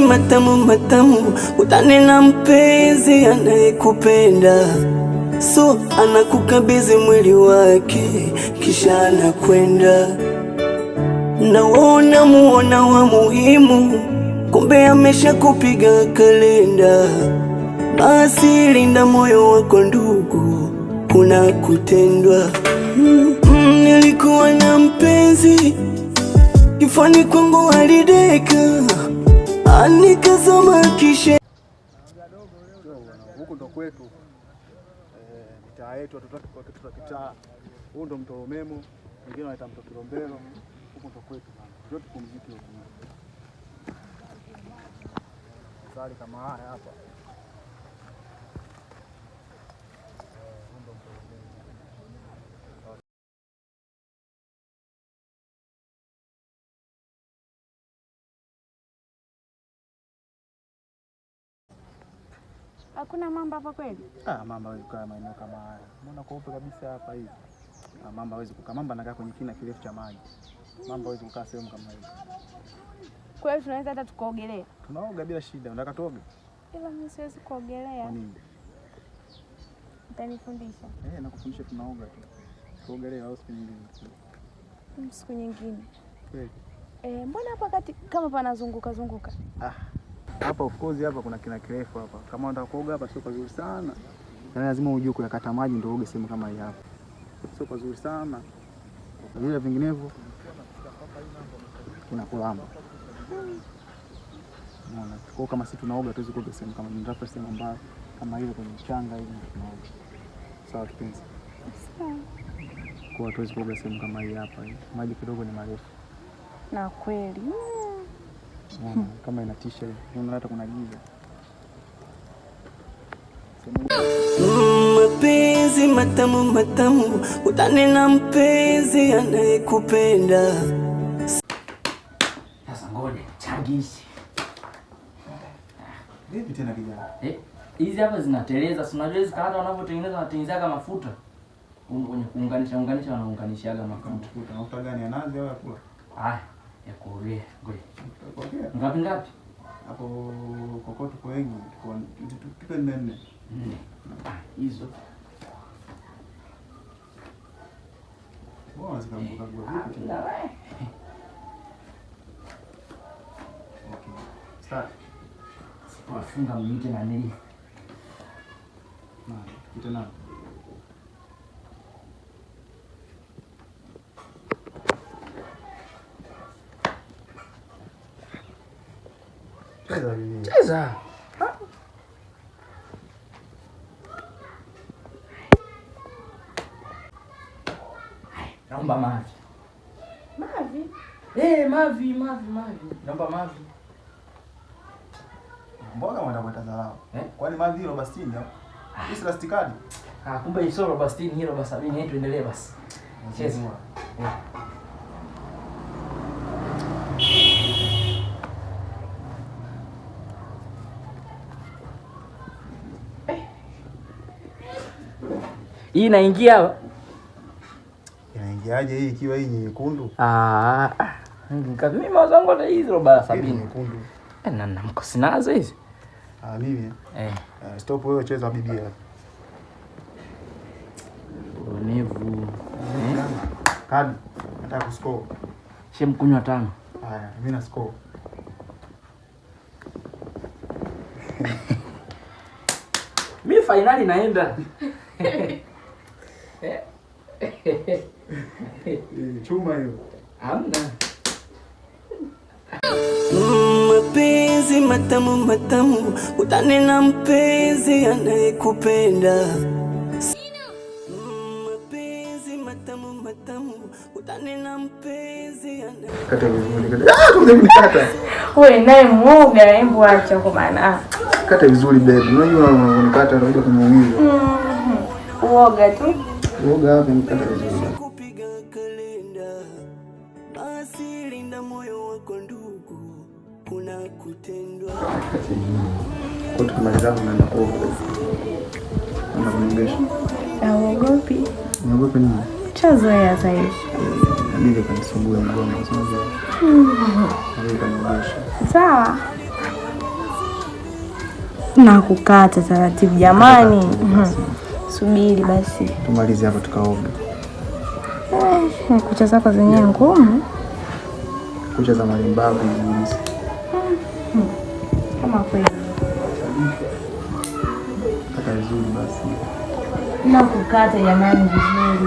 mapenzi matamu matamu, utane na mpenzi anayekupenda, so anakukabidhi mwili wake kisha anakwenda na wona muona wa muhimu, kumbe ameshakupiga kalenda. Basi linda moyo wako ndugu, kuna kutendwa. Mm, mm, nilikuwa na mpenzi kifani kwangu alideka anikazama kisha huku ndo kwetu eh, mitaa yetu watoto wa kitaa. Huu ndo mto Omemo, wengine wanaita mto Kilombero. Huku ndo kwetu bana, tupumzike huku. Sali kama haya hapa, eh, huu ndo mto Omemo. Hakuna mamba hapa kweli? Ah, mamba hawezi kukaa maeneo kama haya. Mbona kweupe kabisa hapa hivi? Ah, mamba hawezi kukaa. Mamba anakaa kwenye kina kirefu cha maji. Mamba hawezi kukaa sehemu kama hiyo. Kwa hiyo tunaweza hata tukaogelea? Tunaoga bila shida. Unataka tuoge? Ila mimi siwezi kuogelea. Kwa nini? Utanifundisha? Eh, nakufundisha tunaoga tu. Tuogelee au siku nyingine. Siku nyingine. Kweli. Eh, mbona hapa kati kama panazunguka zunguka? Ah, hapa of course hapa kuna kina kirefu hapa. Kama unataka kuoga hapa sio pazuri sana. Na lazima ujue kuyakata maji ndio uoge sehemu kama hii hapa. Sio pazuri sana. Vile vinginevyo kuna kulamba. Unaona? Kwa kama sisi tunaoga tuwezi kuoga sehemu kama ni Ndio sehemu ambayo kama ile kwenye mchanga hivi tunaoga. Sawa kipenzi. Sawa. Kwa tuwezi kuoga sehemu kama hii hapa. Maji kidogo ni marefu. Na kweli. Unaona Kama inatisha hiyo. Unaona hata kuna giza. Mapenzi matamu matamu, utane na mpenzi anayekupenda. Sasa ngoja changishi. hivi tena kijana? Eh, hizi hapa zinateleza, si unajua hizi karata wanavyotengeneza wanatengenezaga mafuta. Kwenye kuunganisha unganisha wanaunganishaga mafuta. Mafuta gani ya au ya pula? Ah ya kuogea ngoja. Ngapi ngapi? Hapo koko tuko wengi, tuko nne nne. Nne. Ah, hizo. Bora zikambuka kwa vipi? Okay. Start. Wafunga mnyike na nini? Na, kitu nao. Cheza. Naomba mavi. Mavi? Eh, mavi, mavi, mavi. Naomba mavi. Mbona mwana kwa tazarao? Eh? Kwani mavi hilo basi ndio? Ah. Hii plastikadi. Ah, kumbe hilo basi hilo basi. Mimi tuendelee basi. Cheza. Eh. Hii inaingia inaingiaje hii ikiwa hii nyekundu? Ah, ah mimi wangu na hizo roba sabini nyekundu. Eh, na na mkosi nazo hizi. Ah, mimi. Eh. uh, Stop wewe cheza bibi bibia. Onevu. Eh? Kadi. Nataka kuscore. Shem kunywa tano. Haya, mimi na score. Mimi finali naenda. chuma hiyo hamna. Mm, mapenzi matamu matamu, utane na mpenzi anayekupenda. Mm, mapenzi matamu matamu, utane na mpenzi anayekupenda. Ah, Wewe naye muoga, hebu acha kwa maana kata vizuri baby, unajua unakata unakuja kumuumiza. Mm-hmm. Uoga tu kuoga vimkata vizuri. Tukimaliza unaenda kuoga, unaenda kumwogesha. Auogopi? Niogopi nini? Chazoea sasa hmm. Sawa. Na kukata taratibu jamani. Subiri basi tumalize hapo tukaoga. Eh, kucha zako zenyewe yeah, ngumu, kucha za malimbavu hmm. kama kweli. Kata vizuri basi, na kukata jamani vizuri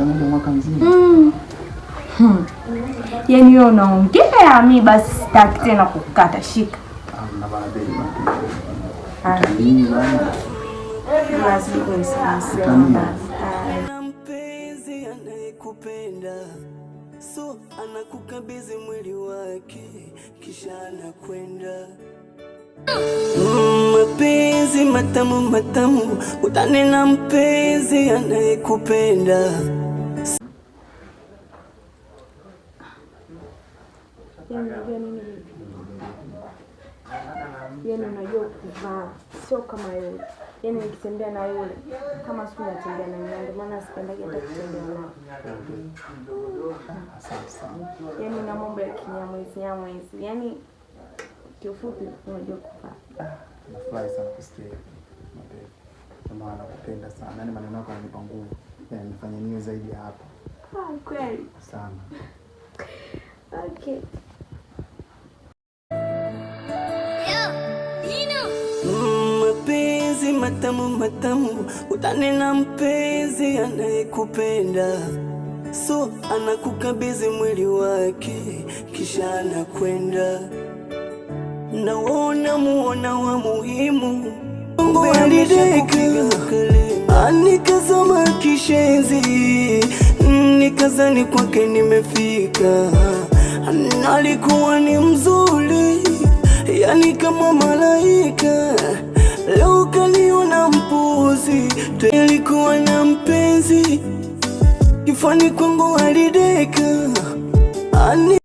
cha ng'ombe mwaka mzima. Mm. Hmm. Yaani wewe unaongea, mi basi sitaki tena kukata shika. Ah. Ah. Mpenzi anayekupenda so anakukabidhi mwili wake kisha anakwenda mm, mapenzi matamu matamu, utanena mpenzi anayekupenda yani unajua nini yani yaani unajua kuvaa sio kama yule, yani nikitembea na yule kama siku natembea na nyanda, maana sipendaga hata kutembea nao yani na mambo ya kinyamwezi nyamwezi, yani kiufupi, unajua kuvaa. Nafurahi sana kusikia maana nakupenda sana, yani maneno yako yananipa nguvu, yananifanya niwe zaidi ya hapa ah, kweli sana. Okay. matamu matamu, utane na mpenzi anayekupenda, so anakukabidhi mwili wake kisha anakwenda na wona muona wa muhimu alideka nikazama kishenzi nikazani kwake nimefika, nalikuwa ni mzuri yani kama malaika leo mpuzi mpuuzi, alikuwa na mpenzi, kifani kwangu alideka ani